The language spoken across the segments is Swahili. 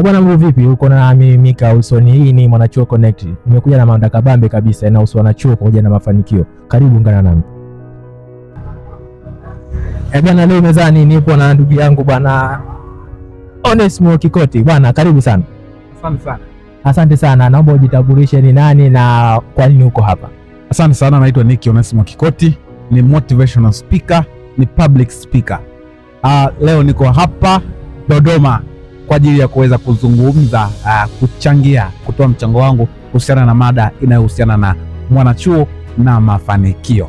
Eh, bwana mambo vipi? Uko na mimi Mika Usoni. Hii ni Mwanachuo Connect. Nimekuja na mada kabambe kabisa inahusu wanachuo pamoja na mafanikio. Karibu ungana nami. Eh, bwana leo mezani nipo na ndugu yangu bwana Onesmo Kikoti. Bwana karibu sana. Asante sana. Asante sana. Naomba ujitambulishe ni nani na kwa nini uko hapa? Asante sana, naitwa Nicky Onesmo Kikoti. Ni motivational speaker, ni public speaker. Uh, leo niko hapa Dodoma kwa ajili ya kuweza kuzungumza, uh, kuchangia, kutoa mchango wangu kuhusiana na mada inayohusiana na mwanachuo na mafanikio.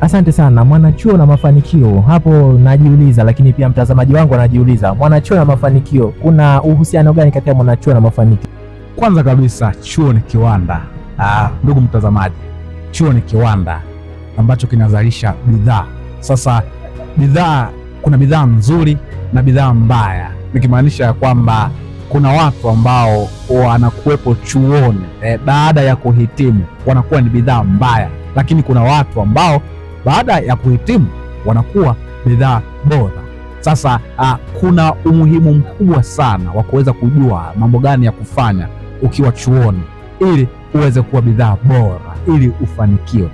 Asante sana mwanachuo na mafanikio. Hapo najiuliza, lakini pia mtazamaji wangu anajiuliza, mwanachuo na mafanikio, kuna uhusiano gani kati ya mwanachuo na mafanikio? Kwanza kabisa chuo ni kiwanda ah, ndugu, mtazamaji, chuo ni kiwanda ambacho kinazalisha bidhaa. Sasa bidhaa, kuna bidhaa nzuri na bidhaa mbaya nikimaanisha ya kwamba kuna watu ambao wanakuwepo chuoni eh, baada ya kuhitimu wanakuwa ni bidhaa mbaya, lakini kuna watu ambao baada ya kuhitimu wanakuwa bidhaa bora. Sasa a, ah, kuna umuhimu mkubwa sana wa kuweza kujua mambo gani ya kufanya ukiwa chuoni ili uweze kuwa bidhaa bora ili ufanikiwe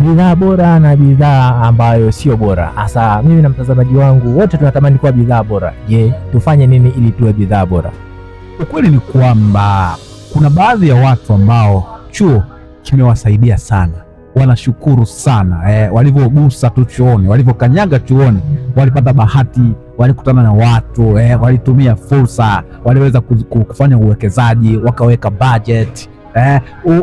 bidhaa bora na bidhaa ambayo sio bora. Hasa mimi na mtazamaji wangu wote tunatamani kuwa bidhaa bora. Je, tufanye nini ili tuwe bidhaa bora? Ukweli ni kwamba kuna baadhi ya watu ambao chuo kimewasaidia sana, wanashukuru sana eh, walivyogusa tu chuoni, walivyokanyaga chuoni, walipata bahati, walikutana na watu eh, walitumia fursa, waliweza kufanya uwekezaji, wakaweka bajeti eh,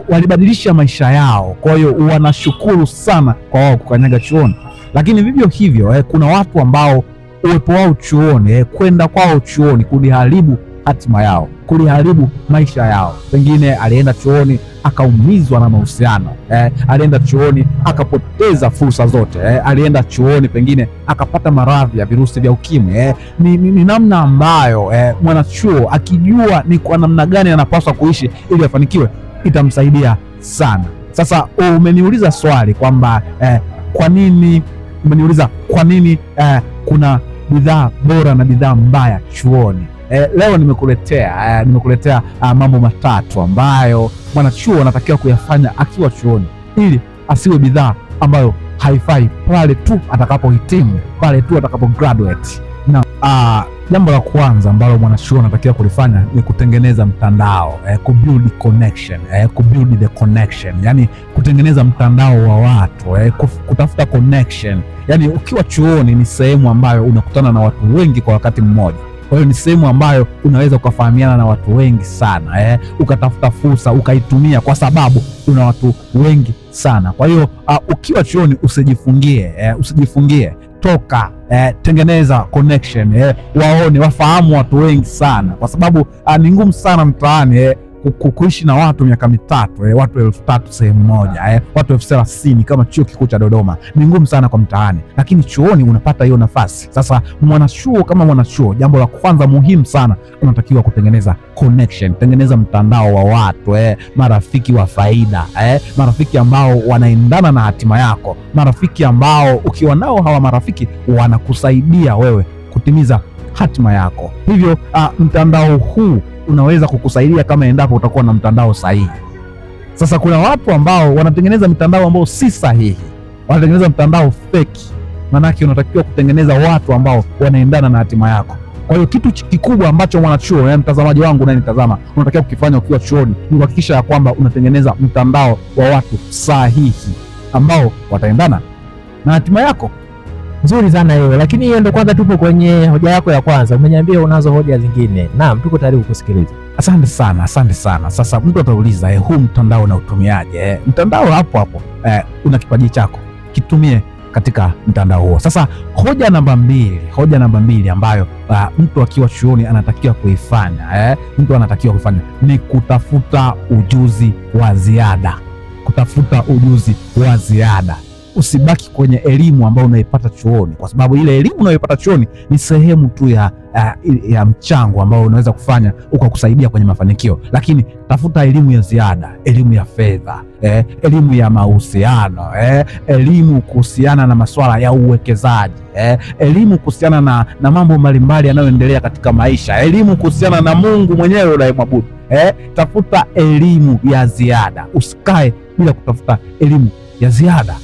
walibadilisha maisha yao. Kwa hiyo wanashukuru sana kwa wao kukanyaga chuoni, lakini vivyo hivyo eh, kuna watu ambao uwepo wao chuoni eh, kwenda kwao chuoni kuliharibu hatima yao, kuliharibu maisha yao. Pengine alienda chuoni akaumizwa na mahusiano eh, alienda chuoni akapoteza fursa zote eh, alienda chuoni pengine akapata maradhi ya virusi vya ukimwi eh. Ni, ni, ni namna ambayo eh, mwanachuo akijua ni kwa namna gani anapaswa kuishi ili afanikiwe, itamsaidia sana. Sasa oh, umeniuliza swali kwamba eh, kwa nini umeniuliza kwa nini eh, kuna bidhaa bora na bidhaa mbaya chuoni. Eh, leo nimekuletea eh, nimekuletea ah, mambo matatu ambayo mwanachuo anatakiwa kuyafanya akiwa chuoni ili asiwe bidhaa ambayo haifai pale tu atakapohitimu, pale tu atakapo graduate. Na ah, jambo la kwanza ambalo mwanachuo anatakiwa kulifanya ni kutengeneza mtandao eh, kubuild connection eh, kubuild the connection, yani kutengeneza mtandao wa watu eh, kutafuta connection. Yani ukiwa chuoni ni sehemu ambayo unakutana na watu wengi kwa wakati mmoja kwa hiyo ni sehemu ambayo unaweza ukafahamiana na watu wengi sana eh, ukatafuta fursa ukaitumia, kwa sababu una watu wengi sana. Kwa hiyo uh, ukiwa chuoni usijifungie, eh, usijifungie toka eh, tengeneza connection eh, waone wafahamu watu wengi sana, kwa sababu ah, ni ngumu sana mtaani eh, kuishi na watu miaka mitatu eh, watu elfu tatu sehemu moja eh, watu elfu thelathini kama chuo kikuu cha Dodoma ni ngumu sana kwa mtaani, lakini chuoni unapata hiyo nafasi. Sasa mwanachuo kama mwanachuo, jambo la kwanza muhimu sana unatakiwa kutengeneza connection, tengeneza mtandao wa watu eh, marafiki wa faida eh, marafiki ambao wanaendana na hatima yako, marafiki ambao ukiwa nao hawa marafiki wanakusaidia wewe kutimiza hatima yako. Hivyo uh, mtandao huu unaweza kukusaidia kama endapo utakuwa na mtandao sahihi. Sasa kuna watu ambao wanatengeneza mitandao ambao si sahihi, wanatengeneza mtandao feki. Manake unatakiwa kutengeneza watu ambao wanaendana na hatima yako. Kwa hiyo kitu kikubwa ambacho mwanachuo, yaani mtazamaji wangu unanitazama, unatakiwa kukifanya ukiwa chuoni ni kuhakikisha ya kwamba unatengeneza mtandao wa watu sahihi ambao wataendana na hatima yako. Nzuri sana hiyo, lakini hiyo ndio kwanza. Tupo kwenye hoja yako ya kwanza, umeniambia unazo hoja zingine. Naam, tuko tayari kukusikiliza. Asante sana, asante sana. Sasa mtu atauliza eh, huu mtandao unautumiaje? Eh, mtandao hapo hapo, eh, una kipaji chako kitumie katika mtandao huo. Sasa hoja namba mbili, hoja namba mbili ambayo uh, mtu akiwa chuoni anatakiwa kuifanya eh, mtu anatakiwa kuifanya ni kutafuta ujuzi wa ziada, kutafuta ujuzi wa ziada usibaki kwenye elimu ambayo unaipata chuoni, kwa sababu ile elimu unayoipata chuoni ni sehemu tu ya, ya, eh, ya mchango ambao unaweza kufanya ukakusaidia kwenye mafanikio, lakini tafuta elimu ya ziada, elimu ya fedha eh, elimu ya mahusiano eh, elimu kuhusiana na masuala ya uwekezaji eh, elimu kuhusiana na, na mambo mbalimbali yanayoendelea katika maisha, elimu kuhusiana na Mungu mwenyewe unayemwabudu eh, tafuta elimu ya ziada, usikae bila kutafuta elimu ya ziada.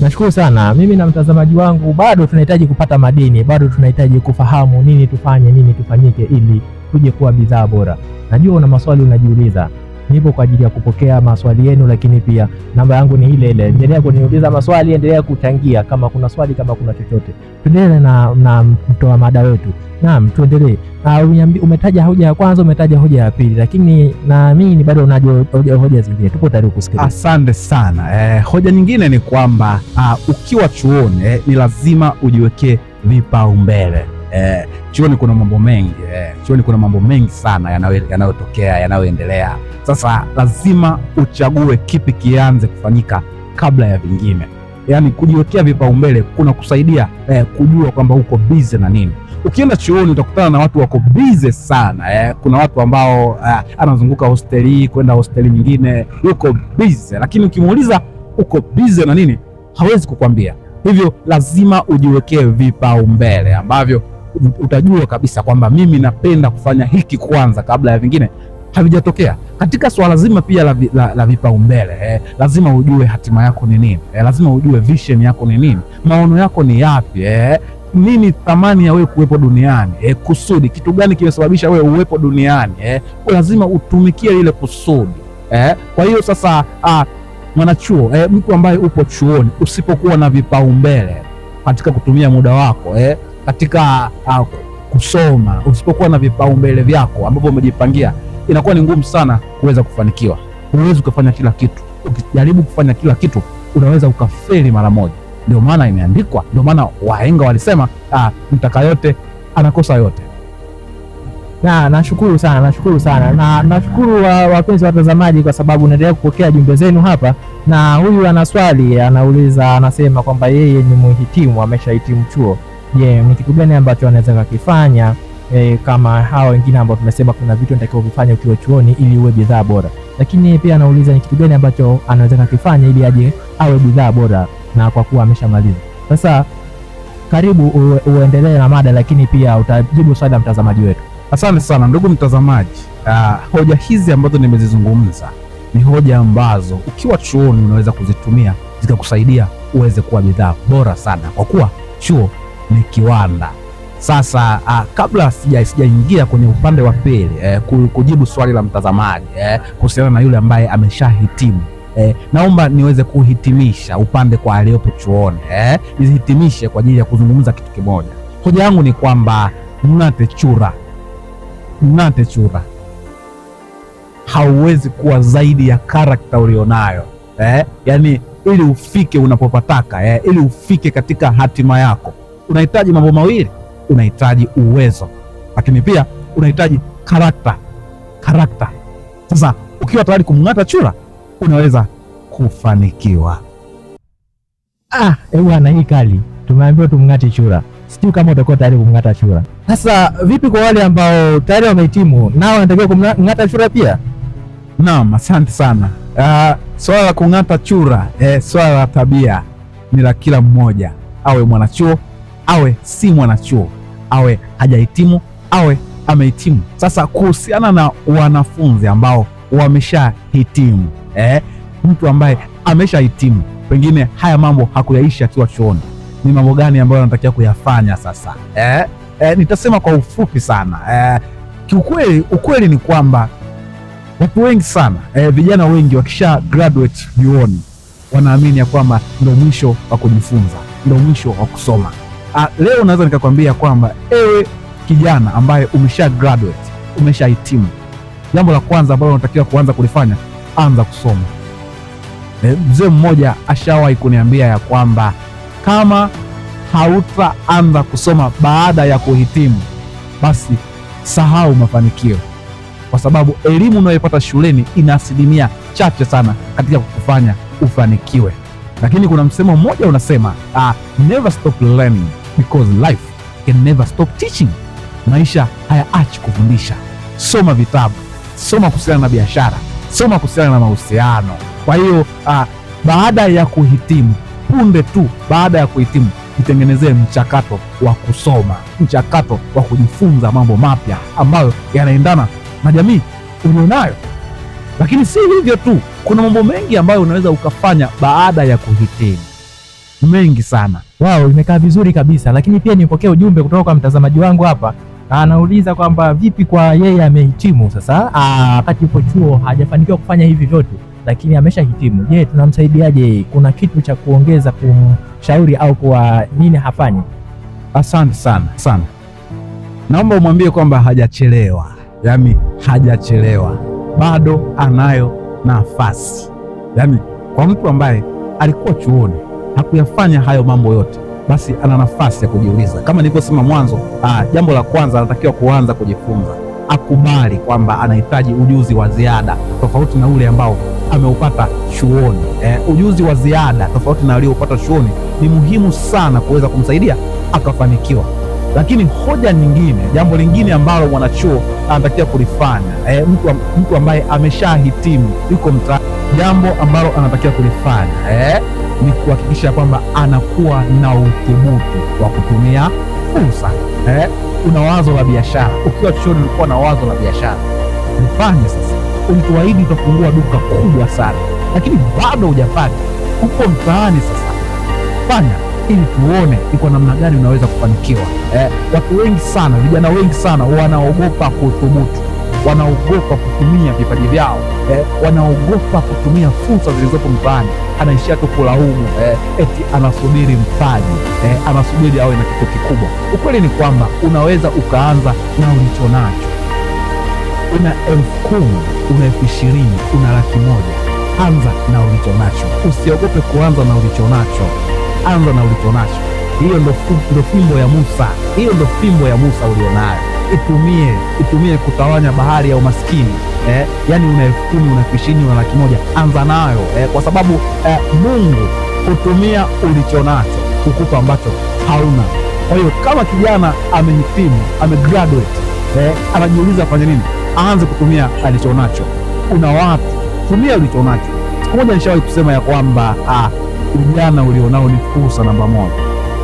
Nashukuru sana. Mimi na mtazamaji wangu, bado tunahitaji kupata madini, bado tunahitaji kufahamu nini tufanye, nini tufanyike ili tuje kuwa bidhaa bora. Najua una maswali unajiuliza nipo kwa ajili ya kupokea maswali yenu, lakini pia namba yangu ni ile ile. Endelea kuniuliza maswali, endelea kuchangia kama kuna swali, kama kuna chochote. Tuendelee na, na mtoa mada wetu. Naam, tuendelee. Ah, umetaja hoja ya kwanza, umetaja hoja ya pili, lakini naamini bado unajo hoja zingine. Tupo tayari kusikiliza. Asante sana. Eh, hoja nyingine ni kwamba uh, ukiwa chuoni eh, ni lazima ujiwekee vipaumbele eh, chuoni kuna mambo mengi eh, chuoni kuna mambo mengi sana yanayotokea yanayoendelea. Sasa lazima uchague kipi kianze kufanyika kabla ya vingine. Yaani kujiwekea vipaumbele kuna kusaidia eh, kujua kwamba uko bize na nini. Ukienda chuoni utakutana na watu wako bize sana eh. Kuna watu ambao eh, anazunguka hosteli kwenda hosteli nyingine, yuko bize, lakini ukimuuliza uko bize na nini hawezi kukwambia. Hivyo lazima ujiwekee vipaumbele ambavyo utajua kabisa kwamba mimi napenda kufanya hiki kwanza kabla ya vingine havijatokea katika swala zima pia la, la, la vipaumbele eh, lazima ujue hatima yako ni nini eh, lazima ujue vision yako ni nini, maono yako ni yapi eh, nini thamani ya wewe kuwepo duniani eh, kusudi kitu gani kimesababisha wewe uwepo duniani eh, lazima utumikie lile kusudi eh. Kwa hiyo sasa, ah, mwanachuo eh, mtu ambaye upo chuoni, usipokuwa na vipaumbele katika kutumia muda wako eh, katika uh, kusoma, usipokuwa na vipaumbele vyako ambavyo umejipangia, inakuwa ni ngumu sana kuweza kufanikiwa. Huwezi ukafanya kila kitu. Ukijaribu kufanya kila kitu, unaweza ukafeli mara moja. Ndio maana imeandikwa, ndio maana wahenga walisema uh, mtaka yote anakosa yote. Na nashukuru sana, nashukuru sana na nashukuru wapenzi wa watazamaji, kwa sababu naendelea kupokea jumbe zenu hapa. Na huyu ana swali, anauliza, anasema kwamba yeye ni muhitimu, ameshahitimu chuo je, ni kitu gani ambacho anaweza kakifanya e, kama hawa wengine ambao tumesema kuna vitu natakiwa kufanya ukiwa chuoni ili uwe bidhaa bora, lakini pia anauliza ni kitu gani ambacho anaweza kakifanya ili aje awe bidhaa bora, na kwa kuwa ameshamaliza sasa. Karibu uendelee na mada, lakini pia utajibu swali la mtazamaji wetu. Asante sana ndugu mtazamaji. Uh, hoja hizi ambazo nimezizungumza ni hoja ambazo ukiwa chuoni unaweza kuzitumia zikakusaidia uweze kuwa bidhaa bora sana, kwa kuwa chuo ni kiwanda. Sasa a, ah, kabla sijaingia kwenye upande wa pili e, kujibu swali la mtazamaji e, kuhusiana na yule ambaye ameshahitimu e, naomba niweze kuhitimisha upande kwa aliyopo chuoni e, nihitimishe kwa ajili ya kuzungumza kitu kimoja. Hoja yangu ni kwamba mnate chura, mnate chura hauwezi kuwa zaidi ya karakta ulionayo eh, yani ili ufike unapopataka eh, ili ufike katika hatima yako unahitaji mambo mawili, unahitaji uwezo, lakini pia unahitaji karakta. Karakta sasa, ukiwa tayari kumng'ata chura unaweza kufanikiwa. Ah, eh ana hii kali. Tumeambiwa tumng'ate chura, sijui kama utakuwa tayari kumng'ata chura. Sasa vipi kwa wale ambao tayari wamehitimu, nao wanatakiwa kumng'ata chura pia? Naam, asante sana. Uh, swala la kung'ata chura eh, swala la tabia ni la kila mmoja, awe mwanachuo awe si mwanachuo, awe hajahitimu, awe amehitimu. Sasa kuhusiana na wanafunzi ambao wameshahitimu eh, mtu ambaye ameshahitimu pengine haya mambo hakuyaisha akiwa chuoni, ni mambo gani ambayo anatakiwa kuyafanya sasa? Eh, eh, nitasema kwa ufupi sana eh, kiukweli, ukweli ni kwamba watu wengi sana eh, vijana wengi wakisha graduate vyuoni wanaamini ya kwamba ndo mwisho wa kujifunza, ndo mwisho wa kusoma. Ah, leo naweza nikakwambia kwamba ewe kijana ambaye umesha graduate, hitimu jambo la kwanza ambalo unatakiwa kuanza kulifanya, anza kusoma. E, mzee mmoja ashawahi kuniambia ya kwamba kama hautaanza kusoma baada ya kuhitimu, basi sahau mafanikio, kwa sababu elimu unayoipata shuleni ina asilimia chache sana katika kukufanya ufanikiwe. Lakini kuna msemo mmoja unasema, uh, never stop learning because life can never stop teaching. Maisha hayaachi kufundisha. Soma vitabu, soma kuhusiana na biashara, soma kuhusiana na mahusiano. Kwa hiyo uh, baada ya kuhitimu, punde tu baada ya kuhitimu, itengenezee mchakato wa kusoma, mchakato wa kujifunza mambo mapya ambayo yanaendana na jamii ulionayo. Lakini si hivyo tu, kuna mambo mengi ambayo unaweza ukafanya baada ya kuhitimu, mengi sana. Wao imekaa vizuri kabisa, lakini pia nipokee ujumbe kutoka kwa mtazamaji wangu hapa, anauliza kwamba vipi kwa yeye amehitimu sasa, ah, wakati yupo chuo hajafanikiwa kufanya hivi vyote, lakini ameshahitimu. Je, tunamsaidiaje? Kuna kitu cha kuongeza kumshauri au kwa nini hafanyi Asante sana sana, naomba umwambie kwamba hajachelewa, yani hajachelewa, bado anayo nafasi, yani kwa mtu ambaye alikuwa chuoni hakuyafanya hayo mambo yote, basi ana nafasi ya kujiuliza. Kama nilivyosema mwanzo, ah, jambo la kwanza anatakiwa kuanza kujifunza, akubali kwamba anahitaji ujuzi wa ziada tofauti na ule ambao ameupata chuoni. E, ujuzi wa ziada tofauti na aliyoupata chuoni ni muhimu sana kuweza kumsaidia akafanikiwa. Lakini hoja nyingine, jambo lingine ambalo mwanachuo anatakiwa kulifanya e, mtu, mtu ambaye ameshahitimu yuko mtaani, jambo ambalo anatakiwa kulifanya e, ni kuhakikisha kwamba anakuwa na uthubutu wa kutumia fursa. Eh, una wazo la biashara, ukiwa chuoni ulikuwa na wazo la biashara, mfanye sasa, ulituahidi utafungua duka kubwa sana, lakini bado hujapata. Uko mtaani sasa, fanya ili tuone ni kwa namna gani unaweza kufanikiwa. Eh, watu wengi sana, vijana wengi sana wanaogopa kuthubutu wanaogopa kutumia vipaji vyao eh, wanaogopa kutumia fursa zilizopo mtaani. Anaishia tu kulaumu eh, eti anasubiri mtaji eh, anasubiri awe na kitu kikubwa. Ukweli ni kwamba unaweza ukaanza na ulicho nacho. Una elfu kumi, una elfu ishirini, una laki moja. Anza na ulicho nacho, usiogope kuanza na ulicho nacho. Anza na ulicho nacho. Hiyo ndo fimbo ya Musa, hiyo ndo fimbo ya Musa ulionayo itumie itumie kutawanya bahari ya umaskini eh, yani una elfu kumi una elfu ishirini una laki moja anza nayo eh, kwa sababu eh, Mungu hutumia ulichonacho kukupa ambacho hauna. Kwa hiyo kama kijana amehitimu amegraduate eh, anajiuliza afanye nini, aanze kutumia alichonacho. Una watu, tumia ulichonacho. Siku moja nishawahi kusema ya kwamba ah, ujana ulionao ni fursa namba moja.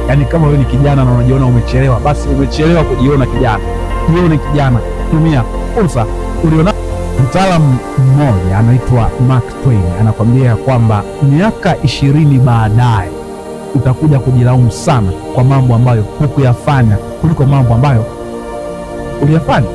Yani kama wewe ni kijana na unajiona umechelewa, basi umechelewa kujiona kijana ni kijana, tumia fursa uliona. Mtaalamu mmoja anaitwa Mark Twain anakuambia kwamba miaka ishirini baadaye utakuja kujilaumu sana kwa mambo ambayo hukuyafanya kuliko mambo ambayo uliyafanya.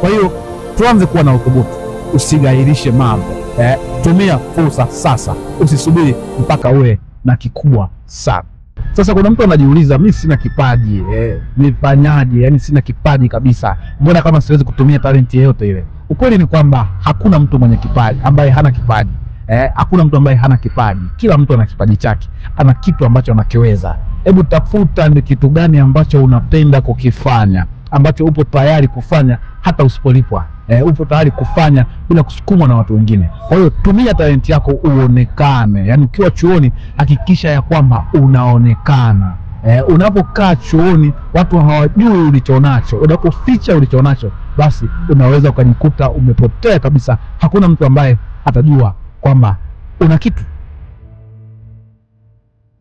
Kwa hiyo tuanze kuwa na uthubutu, usigairishe mambo eh, tumia fursa sasa, usisubiri mpaka uwe na kikubwa sana. Sasa kuna mtu anajiuliza, mi sina kipaji eh, nifanyaje? Yani sina kipaji kabisa, mbona kama siwezi kutumia talenti yeyote ile? Ukweli ni kwamba hakuna mtu mwenye kipaji ambaye hana kipaji eh, hakuna mtu ambaye hana kipaji. Kila mtu ana kipaji chake, ana kitu ambacho anakiweza. Hebu tafuta ni kitu gani ambacho unapenda kukifanya ambacho upo tayari kufanya hata usipolipwa eh, upo tayari kufanya bila kusukumwa na watu wengine. Kwa hiyo tumia talenti yako uonekane, yaani ukiwa chuoni hakikisha ya kwamba unaonekana. Eh, unapokaa chuoni watu hawajui ulichonacho, unapoficha ulichonacho, basi unaweza ukajikuta umepotea kabisa. Hakuna mtu ambaye atajua kwamba una kitu.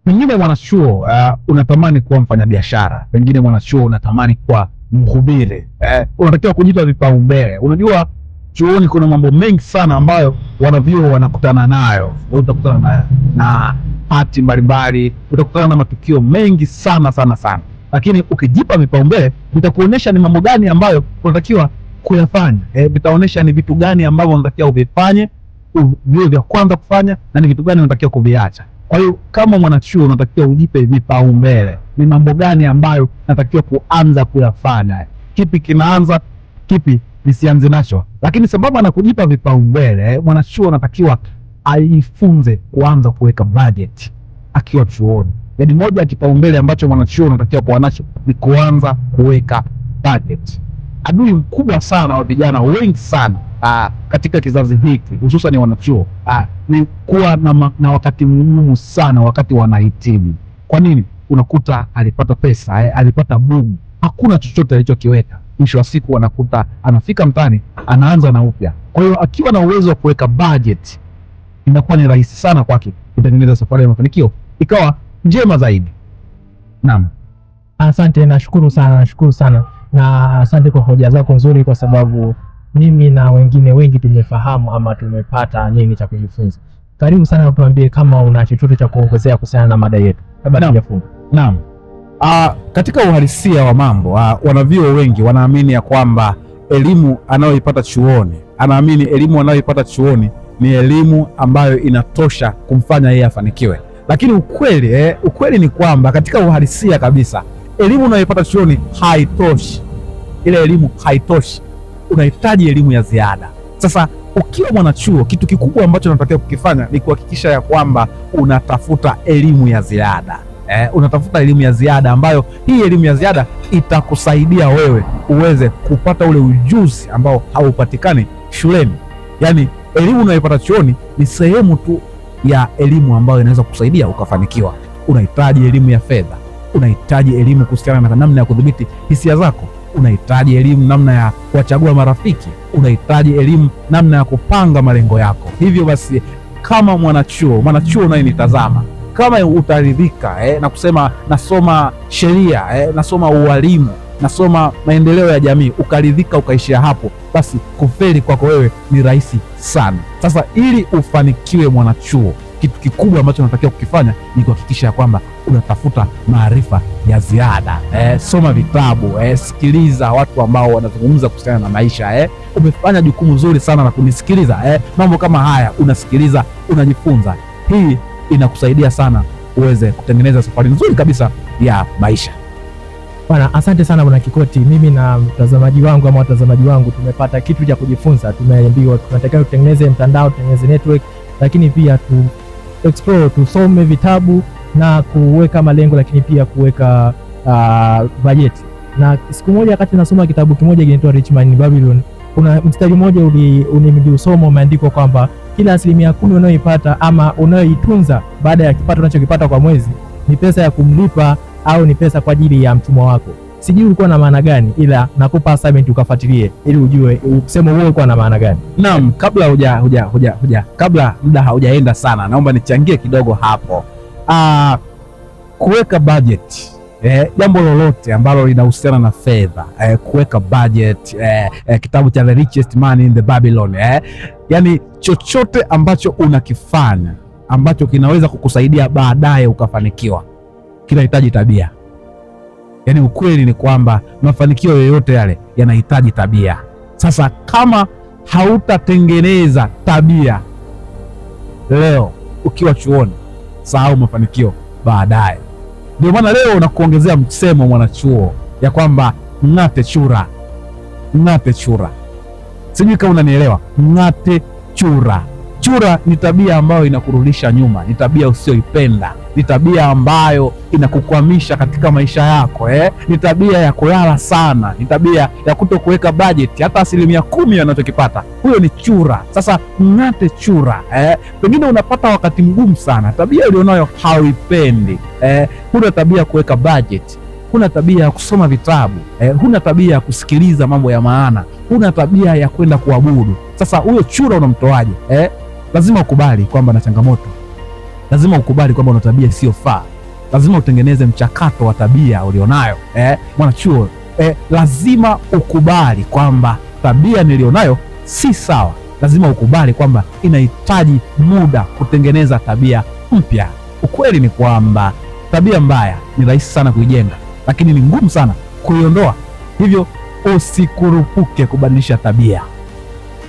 Pengine mwanachuo uh, unatamani kuwa mfanyabiashara, pengine mwanachuo unatamani kuwa mhubiri eh, unatakiwa kujipa vipaumbele. Unajua chuoni kuna mambo mengi sana ambayo wanavyuo wanakutana nayo. Utakutana na, na hati mbalimbali, utakutana na matukio mengi sana sana sana, lakini ukijipa vipaumbele vitakuonyesha ni mambo gani ambayo unatakiwa kuyafanya eh, vitaonyesha ni vitu gani ambavyo unatakiwa uvifanye, viwe vya kwanza kufanya na ni vitu gani unatakiwa kuviacha. Kwa hiyo kama mwanachuo unatakiwa ujipe vipaumbele, ni mambo gani ambayo natakiwa kuanza kuyafanya, kipi kinaanza, kipi nisianze nacho. Lakini sababu na kujipa vipaumbele, mwanachuo anatakiwa aifunze kuanza kuweka budget akiwa chuoni. Yaani, moja ya kipaumbele ambacho mwanachuo anatakiwa kuwa nacho ni kuanza kuweka budget. Adui mkubwa sana wa vijana wengi sana ah, katika kizazi hiki hususan wanachuo ah, ni kuwa na, na wakati mgumu sana wakati wanahitimu. Kwa nini? Unakuta alipata pesa, eh, alipata bugu, hakuna chochote alichokiweka. Mwisho wa siku anakuta anafika mtaani anaanza na upya. Kwa hiyo akiwa na uwezo wa kuweka budget, inakuwa ni rahisi sana kwake kutengeneza safari ya mafanikio ikawa njema zaidi. Naam, asante, nashukuru sana, nashukuru sana na asante kwa hoja zako nzuri, kwa sababu mimi na wengine wengi tumefahamu ama tumepata nini cha kujifunza. Karibu sana utuambie kama una chochote cha kuongezea kuhusiana na mada yetu kabla tujafunga. Naam. Uh, katika uhalisia wa mambo uh, ah, wanavyuo wengi wanaamini ya kwamba elimu anayoipata chuoni, anaamini elimu anayoipata chuoni ni elimu ambayo inatosha kumfanya yeye afanikiwe, lakini ukweli eh, ukweli ni kwamba katika uhalisia kabisa elimu unayoipata chuoni haitoshi. Ile elimu haitoshi unahitaji elimu ya ziada. Sasa ukiwa mwanachuo, kitu kikubwa ambacho unatakiwa kukifanya ni kuhakikisha ya kwamba unatafuta elimu ya ziada eh, unatafuta elimu ya ziada ambayo hii elimu ya ziada itakusaidia wewe uweze kupata ule ujuzi ambao haupatikani shuleni. Yaani elimu unayoipata chuoni ni sehemu tu ya elimu ambayo inaweza kusaidia ukafanikiwa. Unahitaji elimu ya fedha, unahitaji elimu kuhusiana na namna ya kudhibiti hisia zako unahitaji elimu namna ya kuwachagua marafiki, unahitaji elimu namna ya kupanga malengo yako. Hivyo basi, kama mwanachuo mwanachuo unayenitazama kama utaridhika eh, na kusema nasoma sheria eh, nasoma ualimu nasoma maendeleo ya jamii, ukaridhika ukaishia hapo, basi kufeli kwako wewe ni rahisi sana. Sasa ili ufanikiwe mwanachuo kitu kikubwa ambacho unatakiwa kukifanya ni kuhakikisha ya kwamba unatafuta maarifa ya ziada eh, soma vitabu eh, sikiliza watu ambao wanazungumza kuhusiana na maisha eh. Umefanya jukumu zuri sana la kunisikiliza eh. Mambo kama haya unasikiliza, unajifunza, hii inakusaidia sana uweze kutengeneza safari nzuri kabisa ya maisha. Bwana, asante sana Bwana Kikoti. Mimi na mtazamaji wangu ama watazamaji wangu tumepata kitu cha kujifunza. Tumeambiwa tunatakiwa tutengeneze mtandao, tutengeneze network, lakini pia tu explore, tusome vitabu na kuweka malengo, lakini pia kuweka uh, ah, bajeti. Na siku moja wakati nasoma kitabu kimoja kinaitwa Rich Man in Babylon, kuna mstari mmoja niliusoma umeandikwa kwamba kila asilimia kumi unayoipata ama unayoitunza baada ya kipato unachokipata kwa mwezi ni pesa ya kumlipa au ni pesa kwa ajili ya mtumwa wako. Sijui ulikuwa na maana gani, ila nakupa assignment ukafuatilie ili ujue usema wewe ulikuwa na maana gani. Naam, kabla huja huja huja huja kabla muda haujaenda sana, naomba nichangie kidogo hapo. Ah, kuweka budget Eh, jambo lolote ambalo linahusiana na fedha eh, kuweka budget eh, eh, kitabu cha The Richest Man in the Babylon eh, yani chochote ambacho unakifanya ambacho kinaweza kukusaidia baadaye ukafanikiwa kinahitaji tabia. Yaani ukweli ni kwamba mafanikio yoyote yale yanahitaji tabia. Sasa kama hautatengeneza tabia leo ukiwa chuoni, sahau mafanikio baadaye. Ndio maana leo nakuongezea msemo mwanachuo ya kwamba ng'ate chura, ng'ate chura. Sijui kama unanielewa. Ng'ate chura, chura ni tabia ambayo inakurudisha nyuma, ni tabia usiyoipenda ni tabia ambayo inakukwamisha katika maisha yako eh? Ni tabia ya kulala sana, ni tabia ya kuto kuweka bajeti hata asilimia kumi anachokipata huyo ni chura. Sasa ng'ate chura eh? Pengine unapata wakati mgumu sana, tabia ulionayo hauipendi eh? Huna tabia ya kuweka bajeti, huna tabia ya kusoma vitabu eh? Huna tabia ya kusikiliza mambo ya maana, huna tabia ya kwenda kuabudu. Sasa huyo chura unamtoaje eh? Lazima ukubali kwamba na changamoto lazima ukubali kwamba una tabia isiyofaa, lazima utengeneze mchakato wa tabia ulionayo eh, mwanachuo eh, lazima ukubali kwamba tabia nilionayo si sawa, lazima ukubali kwamba inahitaji muda kutengeneza tabia mpya. Ukweli ni kwamba tabia mbaya ni rahisi sana kuijenga, lakini ni ngumu sana kuiondoa. Hivyo usikurupuke kubadilisha tabia,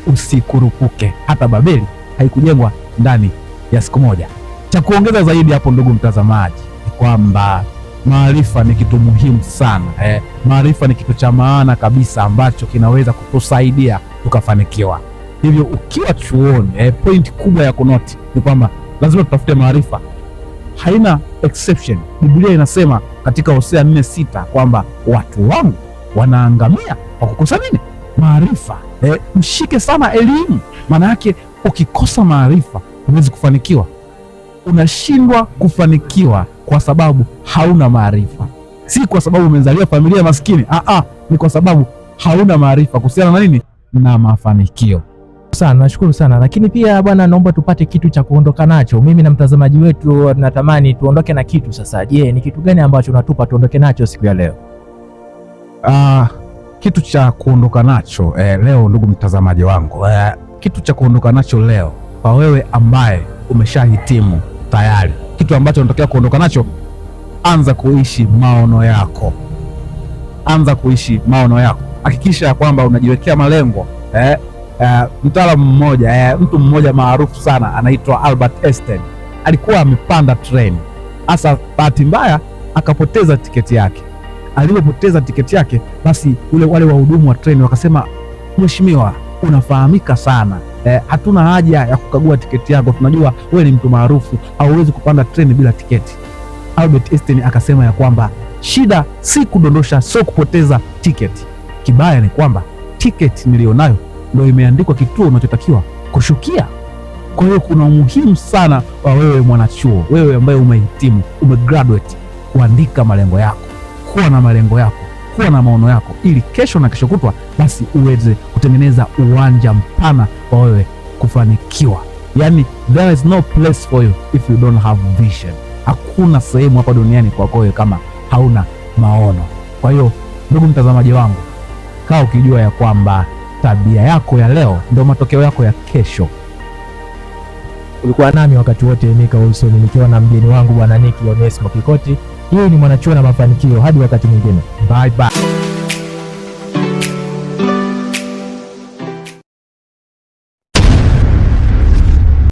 usikurupuke. Hata Babeli haikujengwa ndani ya siku moja. Cha kuongeza zaidi hapo, ndugu mtazamaji, ni kwamba maarifa ni kitu muhimu sana eh. Maarifa ni kitu cha maana kabisa ambacho kinaweza kutusaidia tukafanikiwa. Hivyo ukiwa chuoni eh, point kubwa ya kunoti ni kwamba lazima tutafute maarifa, haina exception. Biblia inasema katika Hosea sita kwamba watu wangu wanaangamia kwa kukosa nini? Maarifa. Eh, mshike sana elimu, maana yake ukikosa maarifa huwezi kufanikiwa unashindwa kufanikiwa kwa sababu hauna maarifa, si kwa sababu umezaliwa familia maskini. Aa, ni kwa sababu hauna maarifa kuhusiana na nini na mafanikio sana. Nashukuru sana lakini pia bwana, naomba tupate kitu cha kuondoka nacho. Mimi na mtazamaji wetu natamani tuondoke na kitu sasa. Je, ni kitu gani ambacho unatupa tuondoke nacho siku ya leo? Uh, kitu cha kuondoka nacho eh, leo ndugu mtazamaji wangu eh, kitu cha kuondoka nacho leo kwa wewe ambaye umeshahitimu tayari. Kitu ambacho unatakiwa kuondoka nacho, anza kuishi maono yako, anza kuishi maono yako. Hakikisha ya kwamba unajiwekea malengo eh. eh, mtaalamu mmoja eh, mtu mmoja maarufu sana anaitwa Albert Einstein alikuwa amepanda treni hasa, bahati mbaya akapoteza tiketi yake. Alipopoteza tiketi yake, basi ule wale wahudumu wa treni wakasema, mheshimiwa, unafahamika sana eh, hatuna haja ya kukagua tiketi yako. Tunajua wewe ni mtu maarufu, hauwezi kupanda treni bila tiketi. Albert Einstein akasema ya kwamba shida si kudondosha, sio kupoteza tiketi. Kibaya ni kwamba tiketi niliyonayo ndio imeandikwa kituo unachotakiwa kushukia. Kwa hiyo kuna umuhimu sana wa wewe mwanachuo, wewe ambaye umehitimu, umegraduate, kuandika malengo yako, kuwa na malengo yako kuwa na maono yako, ili kesho na kesho kutwa basi uweze kutengeneza uwanja mpana kwa wewe kufanikiwa. Yani, there is no place for you if you don't have vision. Hakuna sehemu hapa duniani kwako wewe kama hauna maono. Kwa hiyo ndugu mtazamaji wangu, kaa ukijua ya kwamba tabia yako ya leo ndio matokeo yako ya kesho. Ulikuwa nami wakati wote Mika Wilson nikiwa na mgeni wangu bwana niki Onesmo Kikoti. Hii ni Mwanachuo na Mafanikio, hadi wakati mwingine, bye bye.